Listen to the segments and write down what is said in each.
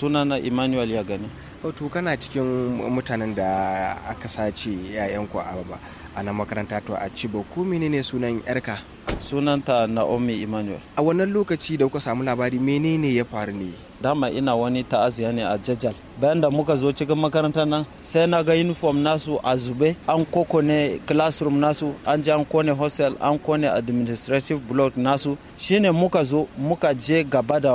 sunana emmanuel ya gani to kana cikin mutanen da aka sace yayanku a a nan makaranta to a cibo ko menene sunan yarka sunanta naomi emmanuel a wannan lokaci da kuka samu labari menene ya faru ne dama ina wani ta'aziya ne a jajal bayan da muka zo cikin makarantar nan sai na ga uniform nasu a zube an kokone classroom nasu an ji an kone hostel an kone administrative block nasu shine muka zo muka je gaba da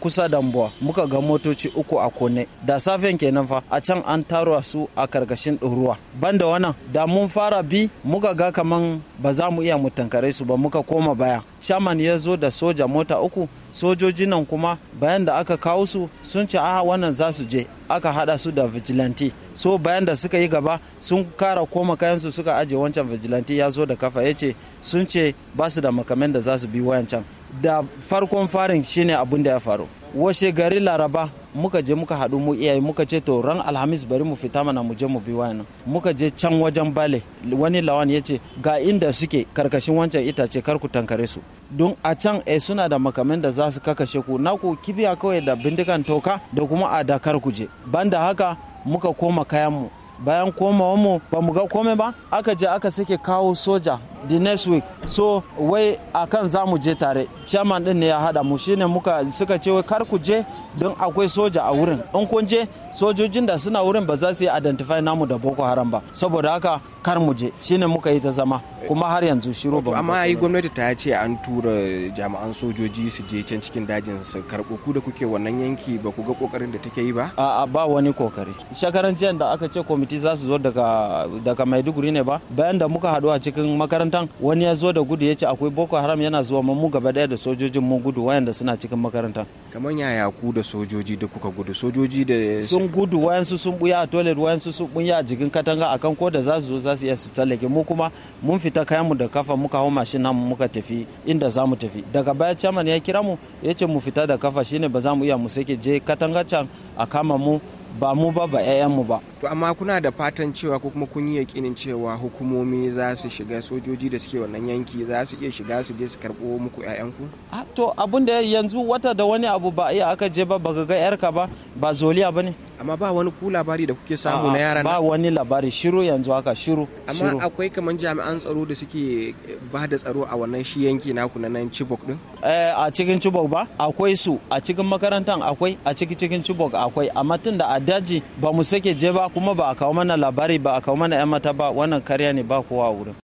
kusa da mbuwa muka ga motoci uku a kone da safen kenan fa a can an taro su a karkashin ɗoruwa banda wannan da mun fara bi muka ga kaman ba za mu iya mu su ba muka koma baya shaman ya zo da soja mota uku sojoji nan kuma bayan da aka kawo su sun ce a wannan za su je aka hada su da vigilante so bayan da suka yi gaba sun kara koma kayansu suka ajiye wancan vigilante ya zo da kafa ya ce sun ce ba su da makamen da za su bi wayancan da farkon farin shine abin da ya faru washe gari laraba muka je muka haɗu mu iyaye muka ce to ran alhamis bari mu fita mana mu je mu bi wani muka je can wajen bale wani lawan ya ce ga inda suke karkashin wancan itace kar ku tankare su don a can e suna da makamin da za su kakashe ku na ku kibiya kawai da bindigan toka da kuma a dakar ku je banda haka muka koma kayan mu bayan mu ba mu ga komai ba aka je aka sake kawo soja the next week so wai akan za mu je tare chairman din ne ya hada mu shine muka suka ce wai kar ku je don akwai soja a wurin in kun je sojojin da suna wurin ba za su yi identify namu da boko haram ba saboda haka kar mu je shine muka yi ta zama kuma har yanzu shiru ba amma ai gwamnati ta ce an tura jami'an sojoji su je can cikin dajin su karɓo ku da kuke wannan yanki ba ku ga kokarin da take yi ba a ba wani kokari shekaran da aka ce kwamiti za su zo daga daga maiduguri ne ba bayan da muka haɗu a cikin makarantar makarantan wani ya zo da gudu ya ce akwai boko haram yana zuwa mu gaba daya da sojojin mu gudu wayanda suna cikin makarantan kamar yaya ku da sojoji da kuka gudu sojoji da sun gudu wayansu sun buya a toilet wayansu sun buya a jikin katanga akan ko da za su zo za su iya su tsallake mu kuma mun fita kayan mu da kafa muka hau mashin namu muka tafi inda za mu tafi daga baya chairman ya kira mu ya ce mu fita da kafa shine ba za mu iya mu sake je katanga can a kama mu ba mu ba ba mu ba. To amma kuna da fatan cewa ko kuma kun yi yakinin cewa hukumomi za su shiga sojoji da suke wannan yanki za su iya shiga su je su karɓo muku 'ya'yanku? A to abin da yanzu wata da wani abu ba iya aka je ba ba ga 'yarka ba ba zoliya ba ne. amma ba wani ku labari da kuke samu na yaran ba wani labari shiru yanzu haka shiru amma akwai kaman jami'an tsaro da suke eh, ba da tsaro a wannan shi yanki naku na nan chibok din eh a cikin chibok ba akwai su a cikin makarantan akwai a cikin cikin chibok akwai amma tunda a daji ba mu sake je ba kuma ba a kawo mana labari ba a kawo mana yan mata ba wannan karya ne ba kowa wurin